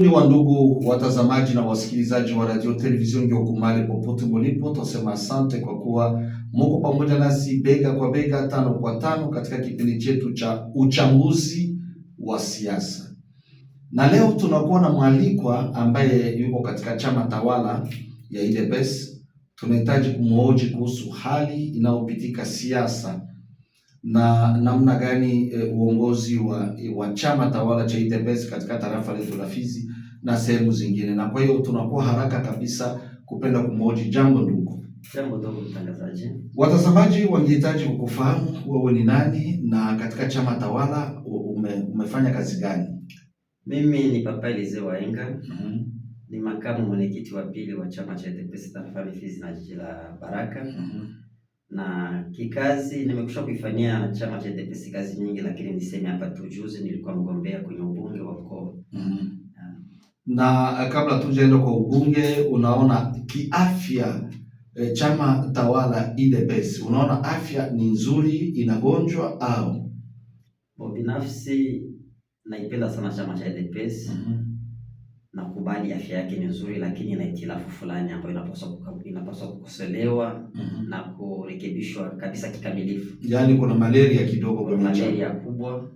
ni wa ndugu watazamaji na wasikilizaji wa radio television Ngyokumale, popote mulipo, tunasema asante kwa kuwa muko pamoja nasi bega kwa bega, tano kwa tano, katika kipindi chetu cha uchambuzi wa siasa. Na leo tunakuwa na mwalikwa ambaye yuko katika chama tawala ya UDPS. Tunahitaji kumhoji kuhusu hali inayopitika siasa na namna gani e, uongozi wa, wa chama tawala cha UDPS e e katika tarafa letu la Fizi na sehemu zingine, na kwa hiyo tunakuwa haraka kabisa kupenda kumhoji. Jambo ndugu. Jambo ndugu mtangazaji. Watazamaji wangehitaji kukufahamu wewe ni nani na katika chama tawala ume, umefanya kazi gani? Mimi ni Papa Elize Waenga. mm -hmm. Ni makamu mwenyekiti wa pili wa chama cha UDPS e tarafa Fizi na jiji la Baraka. mm -hmm na kikazi nimekusha kuifanyia chama cha DPC kazi nyingi, lakini niseme hapa tu, juzi nilikuwa mgombea kwenye ubunge wa mkoa mm. Na eh, kabla tujaenda kwa ubunge, unaona kiafya e, chama tawala IDPS, unaona afya ni nzuri inagonjwa au? Binafsi naipenda sana chama cha IDPS mm -hmm. Nakubali afya yake ni nzuri, lakini ina itilafu fulani ambayo inapaswa inapaswa kukosolewa mm. na kurekebishwa kabisa kikamilifu. Yaani kuna malaria kidogo, kwa malaria kubwa.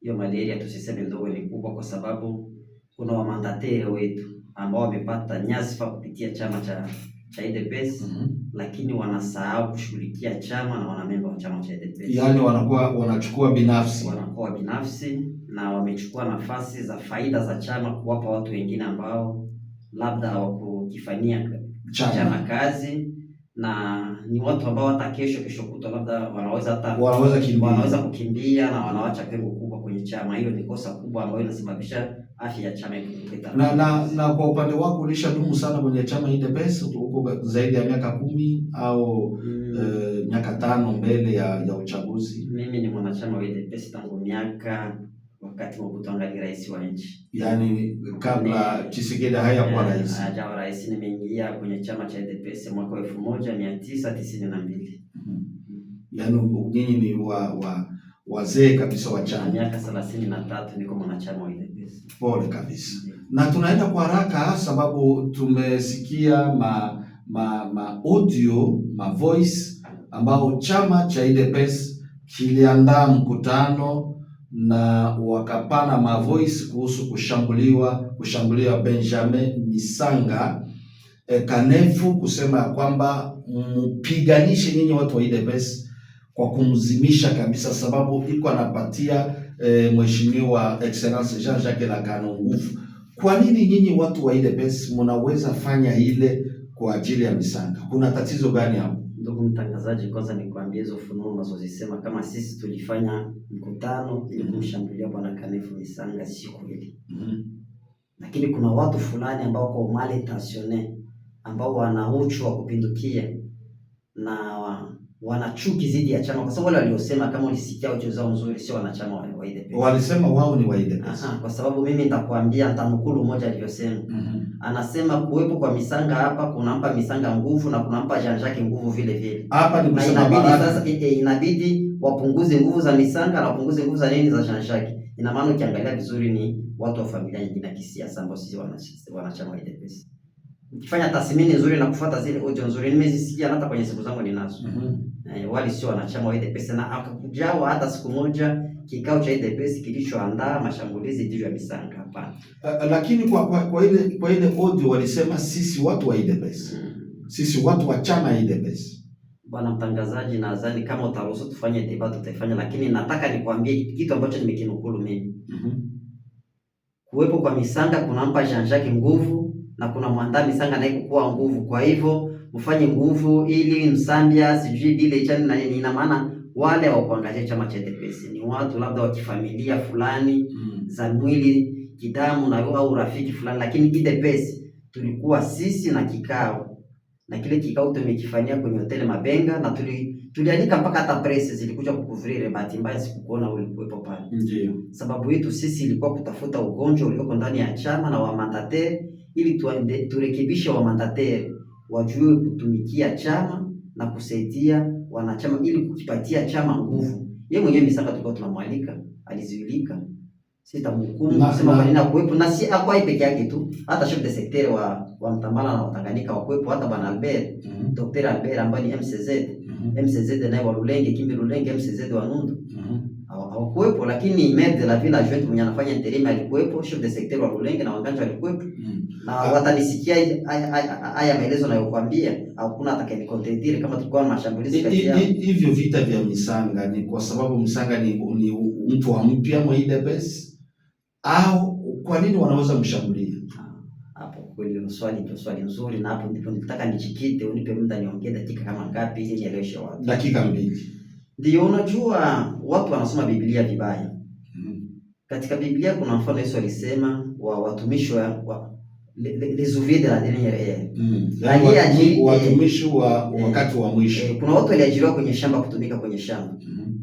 Hiyo malaria tusiseme ndogo, ni kubwa, kwa sababu kuna wamandatee wetu ambao wamepata nyasifa kupitia chama cha cha UDPS mm -hmm. Lakini wanasahau kushughulikia chama na wanamemba wa chama cha UDPS, yaani wanakuwa wanachukua binafsi, wanakuwa binafsi na wamechukua nafasi za faida za chama kuwapa watu wengine ambao labda hawakukifanyia na makazi na ni watu ambao hata kesho kesho kutwa labda wanaweza hata wanaweza kimbia, wanaweza kukimbia na wanaacha pengo kubwa kwenye chama. Hiyo ni kosa kubwa ambayo inasababisha afya ya chama ikupita. Na, na na kwa upande wako dumu sana kwenye chama UDPS huko zaidi ya miaka kumi au mm. Eh, miaka mm. e, tano mbele ya, ya uchaguzi. Mimi ni mwanachama wa UDPS tangu miaka wakati wa Butangani rais wa nchi, Yani kabla Chisekedi hayakuwa eh, rais, hajawa rais. Nimeingia kwenye chama cha UDPS mwaka wa elfu moja mia tisa tisini na mbili. Mm-hmm. yani nyinyi ni wa wa wazee kabisa wa chama. Miaka thelathini na tatu niko mwanachama wa UDPS. Pole kabisa. Mm. Na tunaenda kwa haraka sababu tumesikia ma ma ma audio ma voice ambao chama cha UDPS kiliandaa mkutano na wakapana mavoice kuhusu kushambuliwa kushambuliwa Benjamin Misanga e, Kanefu kusema ya kwamba mpiganishe nyinyi watu wa IDPS kwa kumzimisha kabisa, sababu iko anapatia e, mheshimiwa excellence Jean Jacques Lacano nguvu. Kwa nini nyinyi watu wa IDPS mnaweza fanya ile kwa ajili ya Misanga? Kuna tatizo gani hapo? Ndugu mtangazaji, kwanza nikuambie hizo funuo unazozisema kama sisi tulifanya mkutano ili mhm. kumshambulia Bwana Kanefu Misanga siku ile mm -hmm. Lakini kuna watu fulani ambao kwa mali tensione ambao wana uchu wa kupindukia na wana chuki dhidi ya chama, kwa sababu wale waliosema, kama ulisikia hoja zao nzuri, sio wanachama wa UDP, walisema wao ni wa UDP. Kwa sababu mimi nitakwambia, nitanukulu mmoja aliyosema. mm -hmm. Anasema kuwepo kwa Misanga hapa kunampa Misanga nguvu na kunampa Jean Jacques nguvu vile vile hapa, ni kusema inabidi sasa, e, e, inabidi wapunguze nguvu za Misanga na wapunguze nguvu za nini za Jean Jacques. Ina maana ukiangalia vizuri, ni watu wa familia nyingine ya kisiasa ambao sisi wanachama wa UDP ukifanya tathmini nzuri na kufuata zile audio nzuri, nimezisikia hata kwenye siku zangu ninazo. mm -hmm. E, wali sio wanachama wa IDPS na akakujawa hata siku moja kikao cha IDPS kilichoandaa mashambulizi dhidi ya Misanga, hapana. Eh, lakini kwa kwa, kwa ile kwa ile audio walisema sisi watu wa IDPS mm. -hmm. sisi watu wa chama ya IDPS. Bwana mtangazaji, nadhani kama utaruhusu tufanye debate tutaifanya, lakini nataka nikwambie kitu ambacho nimekinukulu mimi mm -hmm. kuwepo kwa Misanga kunampa Jean Jacques nguvu na kuna mwandaa misanga naye kukua nguvu. Kwa hivyo mfanye nguvu ili msambia sijui bile chani na nini, ina maana wale wa kuangalia chama cha TPS ni watu labda wa kifamilia fulani mm. za mwili kidamu na au rafiki fulani, lakini TPS tulikuwa sisi na kikao na kile kikao tumekifanyia kwenye hoteli Mabenga na tuli, tuliandika mpaka hata press zilikuja kukuvrire. Bahati mbaya sikukuona ulikuwepo pale, ndio sababu yetu sisi ilikuwa kutafuta ugonjwa ulioko ndani ya chama na wa mandate ili turekebishe wamandateri wajue kutumikia chama na kusaidia wanachama ili kukipatia chama nguvu. ye mwenyewe Misaka tulikuwa tunamwalika, alizuilika. Sitamhukumu kusema kwa nini hakuwepo, na si akwai peke yake tu, hata chef de secteur wa wa Mtambala na Watanganyika wakuwepo, hata bwana Albert mm -hmm. Dr Albert ambaye ni MCZ mm -hmm. MCZ naye wa Lulenge Kimbi Lulenge MCZ wa Nundu mm -hmm hawakuwepo, lakini maire la village wetu mwenye anafanya interim alikuwepo, chef de secteur wa Rulenge na Wanganja walikuwepo mm. na watanisikia haya maelezo nayokuambia, hakuna atakayenikontentire kama tulikuwa na mashambulizi kati yao. Hivyo vita vya Misanga ni kwa sababu Misanga ni, ni mtu wa mpya Mwidebes au kwa nini wanaweza mshambulia? Ah, hapo kweli ni swali ni swali nzuri, na hapo ndipo nitaka nichikite, unipe muda niongee dakika kama ngapi ili nieleweshe watu. Dakika mbili. Ndio, unajua watu wanasoma Biblia vibaya. Mm. Katika Biblia kuna mfano Yesu alisema wa watumishi wa les ouvriers de la dernière heure. Mm. watumishi wa eh, wakati wa mwisho. Eh, kuna watu waliajiriwa kwenye shamba kutumika kwenye shamba. Mm.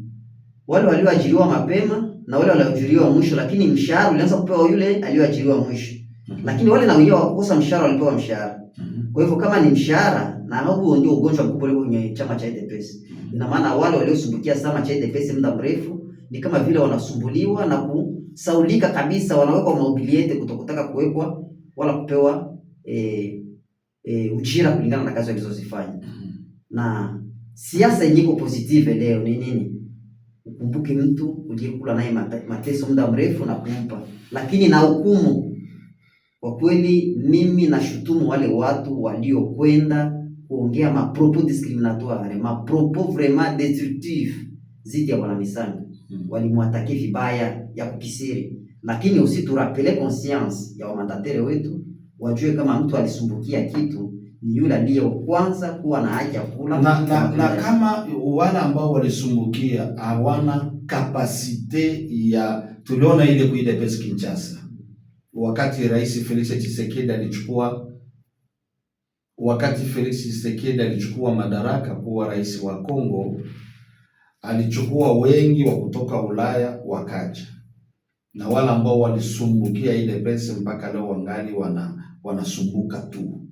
Wale walioajiriwa mapema na wale walioajiriwa mwisho, lakini mshahara ulianza kupewa yule aliyoajiriwa mwisho. Mm Lakini wale na wenyewe wakosa mshahara walipewa mshahara. Mm Kwa hivyo kama ni mshahara na huo ndio ugonjwa mkubwa ule kwenye chama cha UDPS. Ina maana wale waliosumbukia chama cha UDPS muda mrefu ni kama vile wanasumbuliwa na kusaulika kabisa, wanawekwa maubiliete kutokutaka kuwekwa wala kupewa e, e, ujira kulingana na kazi walizozifanya. Na siasa yenye positive leo ni nini? Ukumbuke mtu uliyekula naye mateso muda mrefu na kumpa, lakini na hukumu. Kwa kweli mimi nashutumu wale watu waliokwenda kuongea mapropos discriminatoire, mapropos vraiment destructif zidi ya wanamisanga mm. Walimwatake vibaya ya kukisiri, lakini usi turapele conscience ya wamandatere wetu wajue kama mtu alisumbukia kitu ni yule aliye kwanza kuwa na haja kula na, na, na kama wale ambao walisumbukia hawana kapasite ya tuliona ile kuidepeski Kinshasa wakati Rais Felix Tshisekedi alichukua wakati Felix Tshisekedi alichukua madaraka kuwa rais wa Kongo, alichukua wengi wa kutoka Ulaya wakaja, na wale ambao walisumbukia ile pesa mpaka leo wangali wana wanasumbuka tu,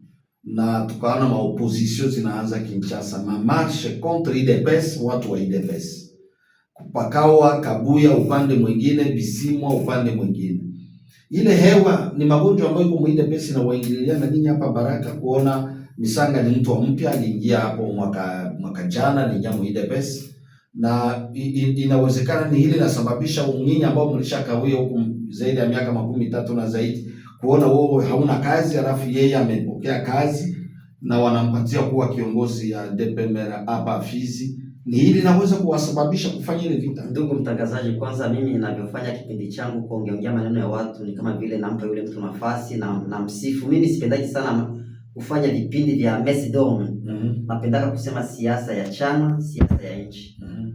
na tukaona maopozisio zinaanza Kinshasa, mamarshe contre UDPS, watu wa IDPS kupakawa Kabuya upande mwingine, Bisimwa upande mwingine. Ile hewa ni magonjwa ambayo iko mu na waingililia na ninyi hapa Baraka kuona Misanga ni mtu mpya, aliingia hapo mwaka mwaka jana, aliingia Muidepes na inawezekana ni hili nasababisha unyinyi ambao mlishakawia huku zaidi ya miaka makumi tatu na zaidi, kuona wewe hauna kazi, halafu yeye amepokea kazi na wanampatia kuwa kiongozi ya DPMR hapa Fizi. Ni hili naweza kuwasababisha kufanya ile vita. Ndugu mtangazaji, kwanza mimi ninavyofanya kipindi changu kuongeongea maneno ya watu ni kama vile nampa yule mtu nafasi na, na msifu. Mimi sipendaji sana kufanya vipindi vya Messi mm -hmm. Napendaka kusema siasa ya chama, siasa ya nchi. mm -hmm.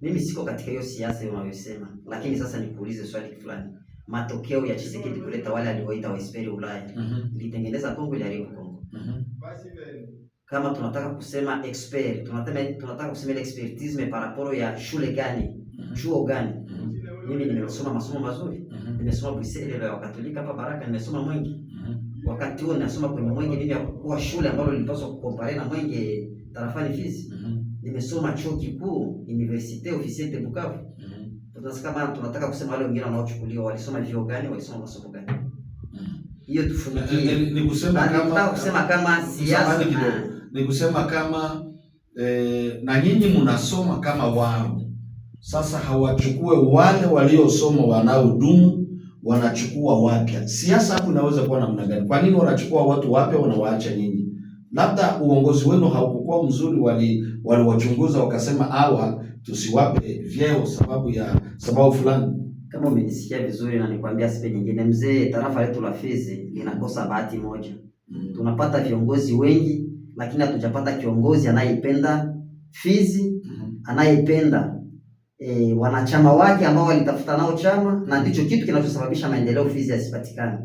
Mimi siko katika hiyo siasa unayosema, lakini sasa nikuulize swali fulani. Matokeo ya chisekedi kuleta wale alioita waisperi Ulaya mhm. ilitengeneza mm -hmm. Kongo, iliharibu Kongo. mm -hmm. Kama tunataka kusema expert, tunataka tunataka kusema expertise par rapport ya shule gani, mhm. chuo gani? mm -hmm. Mimi nimesoma masomo mazuri, mhm. nimesoma Bruxelles ya katolika hapa Baraka, nimesoma mwingi. mm -hmm wakati huo nasoma kwenye Mwenge bila ya shule ambalo nilipaswa kukompare na Mwenge tarafani Fizi. mm -hmm. Nimesoma chuo kikuu Universite Officiel Bukavu. mm -hmm. Tunasema kama tunataka kusema wale wengine wanaochukuliwa walisoma vyuo gani, walisoma masomo gani? Mhm. Hiyo tufunikie. Eh, eh, ni kusema kama kusema kama siasa ni kusema kama eh, na nyinyi mnasoma kama wao. Sasa hawachukue wale waliosoma wanaodumu wanachukua wapya. Siasa hapo inaweza kuwa namna gani? Kwa nini wanachukua watu wapya wanawaacha nyinyi? Labda uongozi wenu haukukuwa mzuri, waliwachunguza wakasema, hawa tusiwape vyeo sababu ya sababu fulani. Kama umenisikia vizuri, na nikwambia sipe nyingine, mzee, tarafa letu la Fizi linakosa bahati moja mm. tunapata viongozi wengi, lakini hatujapata kiongozi anayependa Fizi mm -hmm e, wanachama wake ambao walitafuta nao chama, na ndicho kitu kinachosababisha maendeleo Fizi yasipatikane,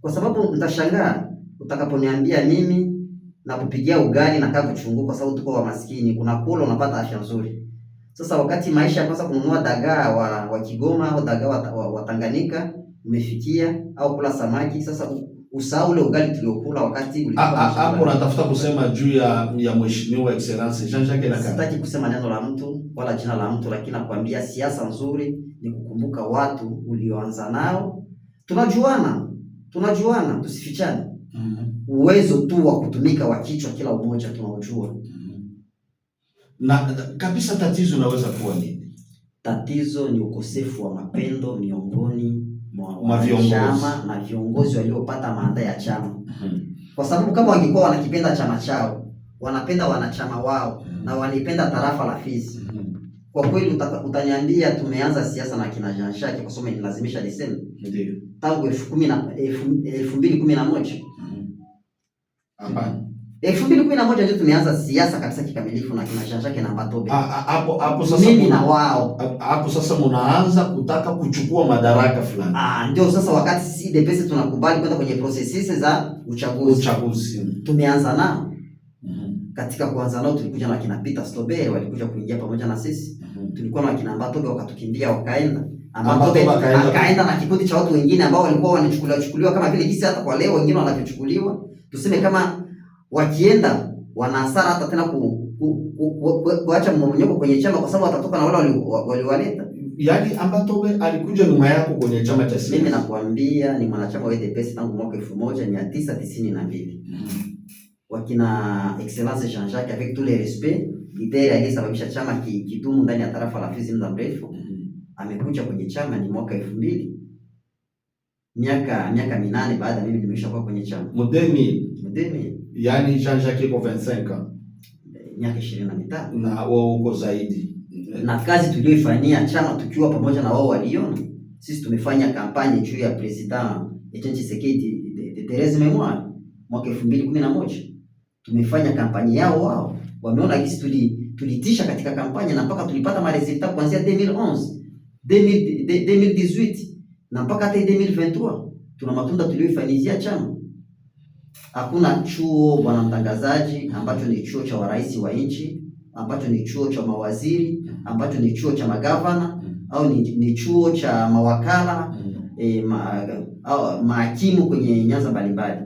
kwa sababu mtashangaa utakaponiambia mimi na kupigia ugali na kaa kuchungua, kwa sababu tuko wa maskini, kuna kula unapata afya nzuri. Sasa wakati maisha kwanza kununua dagaa wa, wa Kigoma au dagaa wa, wa, wa Tanganyika umefikia au kula samaki sasa usahau ule ugali tuliokula wakati ah, ah, hapo. Natafuta kusema juu ya ya mheshimiwa excellence Jean Jacques Lacan. Sitaki kusema neno la mtu wala jina la mtu, lakini nakwambia siasa nzuri ni kukumbuka watu ulioanza nao. Tunajuana, tunajuana, tusifichane. mm -hmm. Uwezo tu wa kutumika wa kichwa kila umoja tunaojua mm Na kabisa, tatizo naweza kuwa nini? Tatizo ni ukosefu wa mapendo miongoni wa chama na viongozi waliopata maanda ya chama hmm. Kwa sababu kama wangekuwa wanakipenda chama chao, wanapenda wanachama wao hmm. na wanaipenda tarafa la Fizi hmm. Kwa kweli uta, utaniambia tumeanza siasa na kina Jean kwa sababu nilazimisha niseme ndio tangu elfu mbili kumi na moja hmm. hapana elfu mbili kumi na moja ndio tumeanza siasa kabisa kikamilifu na kina Jean Jacques Nambatobe. Hapo hapo sasa mimi na wao hapo sasa mnaanza kutaka kuchukua madaraka fulani. Ah, ndio sasa wakati sisi depesi tunakubali kwenda kwenye processes za uchaguzi. Uchaguzi tumeanza nao. Mhm. Katika kuanza nao tulikuja na kina Peter Stobe walikuja kuingia pamoja na sisi. Mhm. Tulikuwa na kina Mbatobe wakatukimbia wakaenda. Mbatobe, akaenda na kikundi cha watu wengine ambao walikuwa wanachukuliwa chukuliwa kama vile jinsi hata kwa leo wengine wanachukuliwa Tuseme kama wakienda wana hasara hata tena kuacha mmomonyoko kwenye chama, kwa sababu watatoka na wale waliwaleta. Yaani Ambatobe alikuja nyuma yako kwenye chama cha siasa. Mimi nakwambia ni mwanachama wa UDPS tangu mwaka elfu moja mia tisa tisini na mbili wakina Excellence Jean Jacques avec tous les respects lideri aliyesababisha chama kidumu ndani ya tarafa la Fizi muda mrefu amekuja kwenye chama ni mwaka elfu mbili miaka miaka minane baada mimi nimeshakuwa kwenye chama mdemi mdemi yaani Jean Jacques iko 25 ah. miaka ishirini na wao huko zaidi, na kazi tuliyoifanyia chama tukiwa pamoja na wao waliona. Sisi tumefanya kampanye juu ya president Etienne Tshisekedi de Therese Memwani mwaka 2011 tumefanya kampanye yao, wao wameona kisi tuli tulitisha katika kampanye na mpaka tulipata maresulta kuanzia 2011 2018 na mpaka hata 2023 tuna matunda tuliyoifanyia chama Hakuna chuo bwana mtangazaji, ambacho ni chuo cha warais wa nchi, ambacho ni chuo cha mawaziri, ambacho ni chuo cha magavana au ni, ni chuo cha mawakala e, ma, au, mahakimu kwenye nyanza mbalimbali.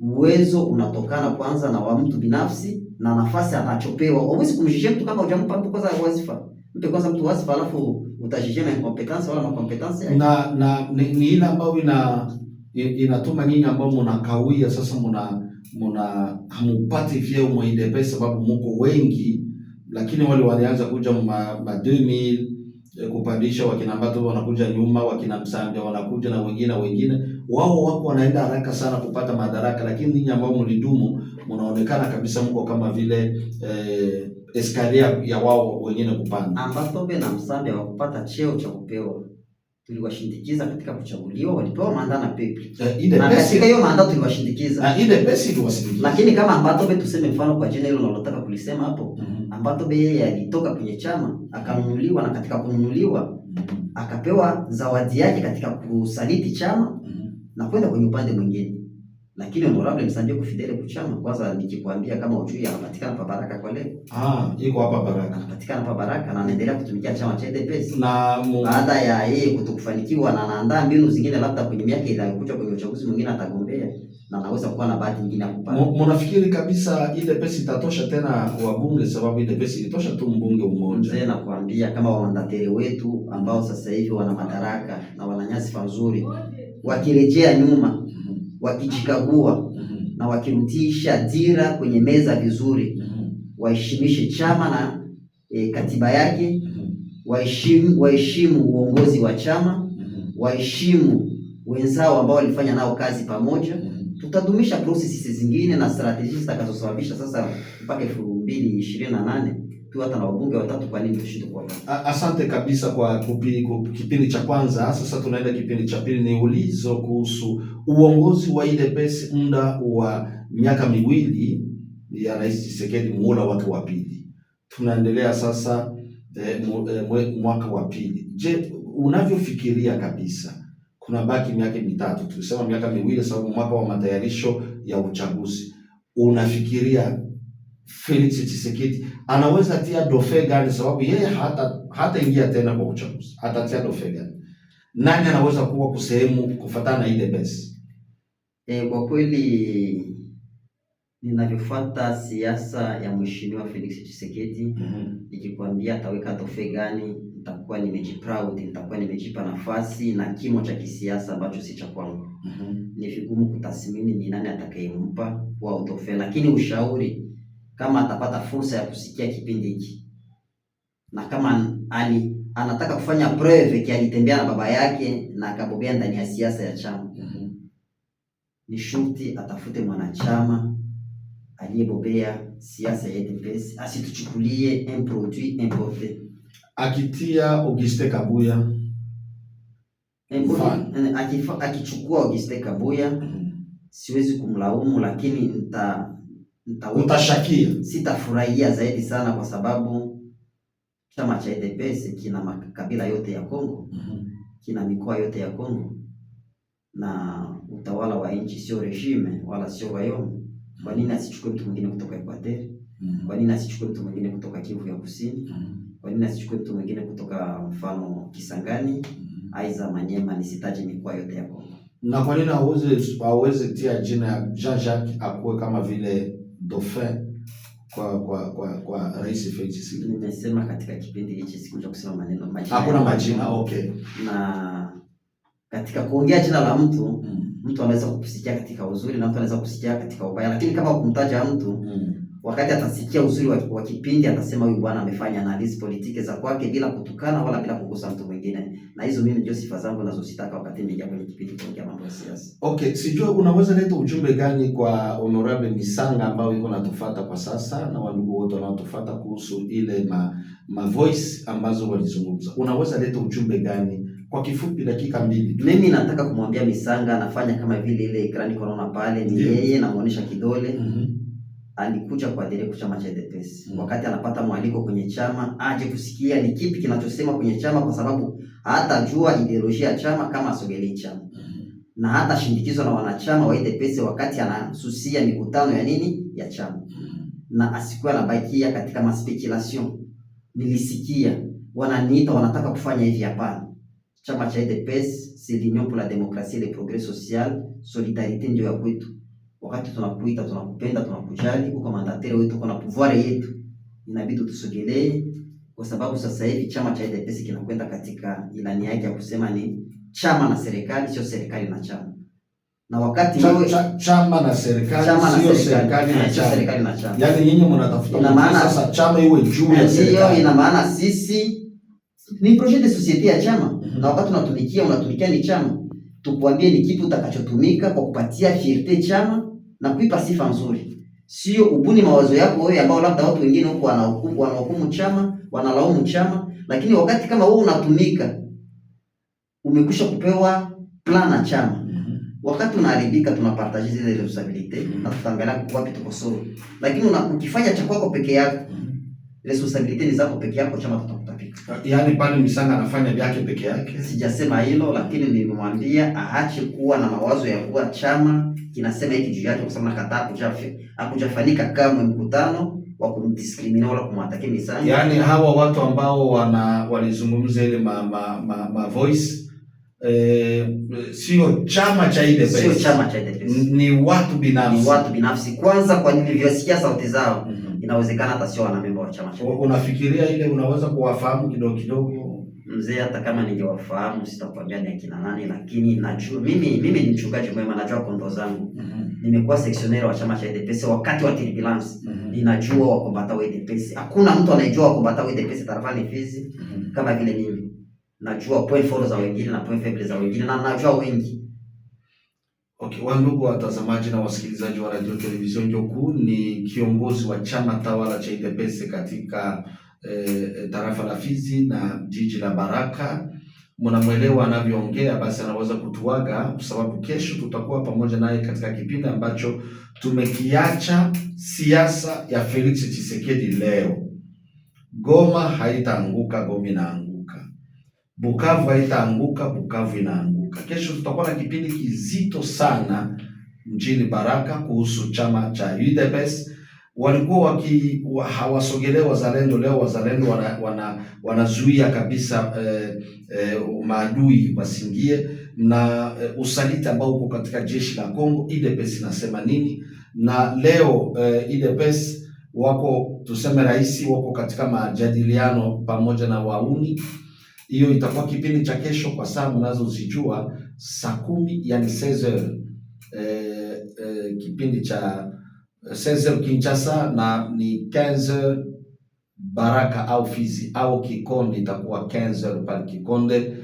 Uwezo unatokana kwanza na wa mtu binafsi na nafasi anachopewa. Huwezi kumshishia mtu kama hujampa mtu kwanza wazifa. Mpe kwanza mtu wazifa, alafu utajishia na competence wala na Na, na ni, ni ile ambayo ina inatuma nyinyi ambao mnakawia sasa, mna mna hamupati vyeo mwidepe sababu muko wengi, lakini wale walianza kuja ma, madini eh, kupandisha wakina Mbato wanakuja nyuma, wakina Msambia wanakuja na wengine wengine, wao wako wanaenda haraka sana kupata madaraka, lakini nyinyi ambao mlidumu mnaonekana kabisa mko kama vile eh, eskalia ya wao wengine kupanda. Ambato na Msambia wakupata cheo cha kupewa tuliwashindikiza katika kuchaguliwa, walipewa na pepe na katika hiyo manda tuliwashindikiza, lakini kama Ambatobe tuseme mfano kwa jina hilo nalotaka kulisema hapo mm -hmm. Ambatobe yeye alitoka kwenye chama akanunuliwa, na katika kununuliwa mhm. akapewa zawadi yake katika kusaliti chama mm -hmm. na kwenda kwenye upande mwingine lakini Mburabe Msanjoku kufidele Kuchama, kwanza nikikwambia kama ujui, anapatikana pa Baraka kwa leo. Ah, iko hapa Baraka, anapatikana pa Baraka na anaendelea kutumikia chama cha UDPS na baada ya yeye kutokufanikiwa, na anaandaa mbinu zingine, labda kwenye miaka inayokuja kwenye uchaguzi mwingine atagombea na anaweza kuwa na bahati nyingine kupata. Mnafikiri kabisa ile pesa itatosha tena wabunge? Sababu ile pesa ilitosha tu mbunge mmoja. Mzee, nakwambia kama wamandateri wetu ambao sasa hivi wana madaraka na wana nyasi nzuri, wakirejea nyuma wakijikagua mhm. na wakimtisha dira kwenye meza vizuri, mhm. waheshimishe chama na e, katiba yake, mhm. waheshimu waheshimu uongozi wa chama, waheshimu wenzao ambao walifanya nao kazi pamoja. Tutadumisha prosesi zingine na strateji zitakazosababisha sasa mpaka elfu mbili ishirini na nane tu hata na wabunge watatu, kwa nini kwa kuwapata? Asante kabisa kwa kupi, kupi, kipindi cha kwanza. Sasa tunaenda kipindi cha pili, ni ulizo kuhusu uongozi wa UDPS muda wa miaka miwili ya Rais Tshisekedi muhula wake wa pili, tunaendelea sasa eh, eh mwaka wa pili. Je, unavyofikiria kabisa kuna baki miaka mitatu, tulisema miaka miwili sababu mwaka wa matayarisho ya uchaguzi, unafikiria Felix Tshisekedi anaweza tia dofe gani? Sababu yeye hata hataingia tena kwa uchaguzi, atatia dofe gani? Nani anaweza kuwa kusehemu kufatana na ile base? E, kwa kweli ninavyofuata siasa ya mheshimiwa Felix Tshisekedi mhm. nikikwambia, mm -hmm. ataweka dofe gani, nitakuwa nimejiproud, nitakuwa nimejipa nafasi na kimo cha kisiasa ambacho si cha kwangu. mm -hmm. ni vigumu kutathmini ni nani atakayempa wa dofe, lakini ushauri kama atapata fursa ya kusikia kipindi hiki, na kama ani, anataka kufanya preve ki alitembea na baba yake na akabobea ndani ya siasa ya chama mm -hmm. Ni shuti atafute mwanachama aliyebobea siasa ya UDPS, asituchukulie un produit importe. Akitia Auguste Kabuya akichukua Auguste Kabuya, mhm. siwezi kumlaumu, lakini nita utashakia, sitafurahia zaidi sana, kwa sababu chama cha UDPS kina makabila yote ya Kongo mm -hmm. kina mikoa yote ya Kongo na utawala wa nchi sio regime wala sio wayom. Mhm. Kwa nini asichukue mtu mwingine kutoka Equateur? Mhm. Kwa nini asichukue mtu mwingine kutoka Kivu ya Kusini? Mhm. Kwa nini asichukue mtu mwingine kutoka mfano Kisangani, aiza Manyema, nisitaje mikoa yote ya Kongo? Na kwa nini hauwezi tia jina ya Jean Jacques akuwe kama vile dauphin kwa kwa kwa, kwa Rais Felix Tshisekedi. Nimesema katika kipindi hichi sikuja kusema maneno majina. Hakuna majina, okay. Na katika kuongea jina la mtu, mm. mtu anaweza kukusikia katika uzuri na mtu anaweza kusikia katika ubaya, lakini kama kumtaja mtu mm Wakati atasikia uzuri wa kipindi, atasema huyu bwana amefanya analyze politiki za kwake bila kutukana wala bila kukosa mtu mwingine, na hizo mimi ndio sifa zangu nazozitaka wakati nija kwenye kipindi kuongea mambo ya siasa. Okay, sijua unaweza leta ujumbe gani kwa Honorable Misanga ambao iko natufuata kwa sasa na wandugu wote wanaotufuata kuhusu ile ma, ma voice ambazo walizungumza, unaweza leta ujumbe gani? Kwa kifupi dakika mbili. Mimi nataka kumwambia Misanga anafanya kama vile ile ikrani corona pale, ni yeye namuonesha kidole mm -hmm alikuja kwa ajili ya chama cha UDPS mm. Wakati anapata mwaliko kwenye chama aje kusikia ni kipi kinachosema kwenye chama, kwa sababu hata jua ideolojia ya chama kama asogelee chama mm. na hata shindikizo na wanachama wa UDPS wakati anasusia mikutano ya nini ya chama mm. na asikuwa anabakia katika maspekulation. Nilisikia wananiita wanataka kufanya hivi, hapana. Chama cha UDPS, c'est l'Union pour la démocratie et le progrès social, solidarité ndio ya kwetu wakati tunakuita, tunakupenda, tunakujali, uko mandateri wetu, uko na pouvoir yetu, inabidi tusogelee, kwa sababu sasa hivi chama cha UDPS kinakwenda katika ilani yake ya kusema ni chama na serikali, sio serikali na chama na wakati cha, chama, cha, chama na serikali sio serikali na chama, serikali na chama. Yani nyinyi mnatafuta ina maana sasa chama iwe juu ya serikali, hiyo ina maana sisi ni projet de societe ya chama mm -hmm. Na wakati unatumikia unatumikia ni chama, tukuambie ni kitu utakachotumika kwa kupatia fierté chama na kuipa sifa nzuri, sio ubuni mawazo yako wewe, ambao labda watu wengine huko wanahukumu wanahukumu chama wanalaumu chama, lakini wakati kama wewe unatumika umekwisha kupewa plan na chama wakati unaharibika, tunapartage zile responsabilite na tutaangalia wapi tuko lakini ukifanya cha kwako peke yako responsibility ni zako peke yako, chama tutakutapika. Ah, yaani pale Misanga anafanya vyake peke yake, sijasema hilo, lakini nimemwambia aache kuwa na mawazo ya kuwa chama kinasema hiki juu yake, kwa sababu nakataa akujafanika kamwe mkutano wa kumdiskrimina wala kumwatakia Misanga. Yaani hawa watu ambao wana walizungumza ile ma, ma, ma, ma voice Eh, sio chama cha pesa, sio chama cha pesa, ni watu binafsi, ni watu binafsi. Kwanza kwa nilivyosikia sauti zao mm -hmm. inawezekana hata sio wanamemba wa chama cha Unafikiria ile unaweza kuwafahamu kidogo kidogo? Mzee, hata kama ningewafahamu sitakwambia ni akina nani, lakini najua mimi, mimi ni mchungaji mwema, najua kondo zangu mm -hmm. nimekuwa seksionera wa chama cha EDPS wakati wa Tiribilance mm -hmm. ninajua wakombata wa EDPS, hakuna mtu anayejua wakombata wa EDPS tarafani Fizi mm -hmm. kama vile mimi najua point forward za wengine na point feble za wengine na najua wengi. Okay, wandugu watazamaji na wasikilizaji wa radio television Ngyoku, ni kiongozi wa chama tawala cha UDPS katika eh, tarafa la Fizi na jiji la Baraka. Mnamwelewa anavyoongea, basi anaweza kutuaga kwa sababu kesho tutakuwa pamoja naye katika kipindi ambacho tumekiacha siasa ya Felix Tshisekedi leo. Goma haitaanguka, Goma inaanguka. Bukavu haitaanguka, Bukavu inaanguka. Kesho tutakuwa na kipindi kizito sana mjini Baraka kuhusu chama cha UDPS. Walikuwa waki wa, hawasogelee wazalendo. Leo wazalendo wanazuia wana, wana kabisa eh, eh, maadui wasingie na eh, usaliti ambao uko katika jeshi la Kongo. UDPS inasema nini? Na leo eh, UDPS wako tuseme, rais wako katika majadiliano pamoja na wauni hiyo itakuwa kipindi cha kesho kwa saa mnazozijua saa kumi, yani Sezer, eh, eh, kipindi cha eh, Sezer Kinshasa na ni Kenzer Baraka au Fizi au Kikonde, itakuwa Kenzer pale Kikonde.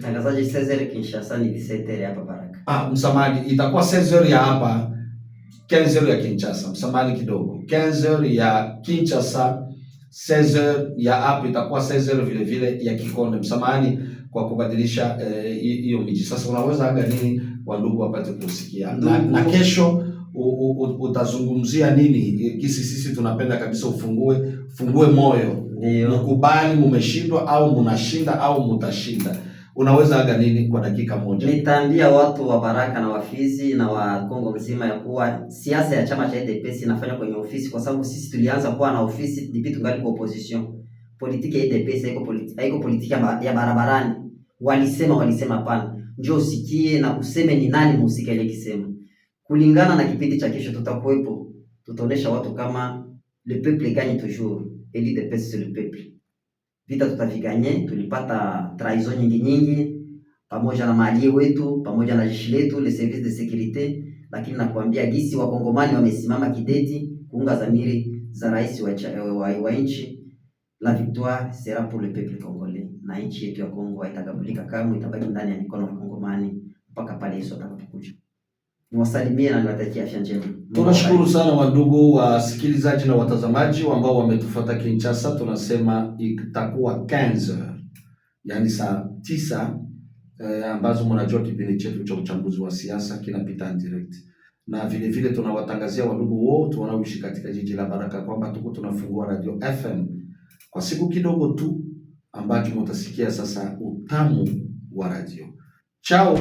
Sezer Kinshasa ni hapa Baraka. Ah, itakuwa Sezer ya hapa Kenzer ya Kinshasa, msamaji kidogo, Kenzer ya Kinshasa 16 ya app itakuwa 16 vile vile ya Kikonde. Msamahani kwa kubadilisha eh, hiyo e, miji. Sasa unaweza aga nini ndugu wapate kusikia na, na kesho u, u, utazungumzia nini? Eh, kisi sisi tunapenda kabisa ufungue fungue moyo, mkubali mumeshindwa au munashinda au mutashinda unaweza aga nini kwa dakika moja? Nitaambia watu wa Baraka na Wafizi na wa Kongo mzima ya kuwa siasa ya chama cha UDPS inafanywa kwenye ofisi, kwa sababu sisi tulianza kuwa na ofisi dipi tungali kwa opposition. Politiki ya UDPS haiko politiki, haiko politiki ya barabarani. Walisema walisema pana, njoo usikie na useme ni nani mhusika ile kisema. Kulingana na kipindi cha kesho, tutakuwepo, tutaonesha watu kama le peuple gagne toujours et l'UDPS c'est le peuple vita tutaviganye. Tulipata trahison nyingi nyingi, pamoja na maalie wetu, pamoja na jeshi letu le service de securite, lakini nakwambia gisi wakongomani wamesimama kideti kuunga zamiri za rais wa, eh, wa, wa nchi. La victoire sera pour le peuple congolais, na nchi yetu ya Kongo haitagabulika kamwe, itabaki ndani ya mikono ya Kongomani mpaka pale Yesu atakapokuja niwasalimie na niwatakie afya njema. Tunashukuru sana wandugu wasikilizaji na watazamaji ambao wametufuata Kinshasa. Tunasema itakuwa 15 yaani saa tisa eh, ambazo mnajua kipindi chetu cha uchambuzi wa siasa kinapita direct, na vile vile tunawatangazia wandugu wote wanaoishi katika jiji la Baraka kwamba tuko tunafungua radio FM kwa siku kidogo tu, ambacho mtasikia sasa utamu wa radio chao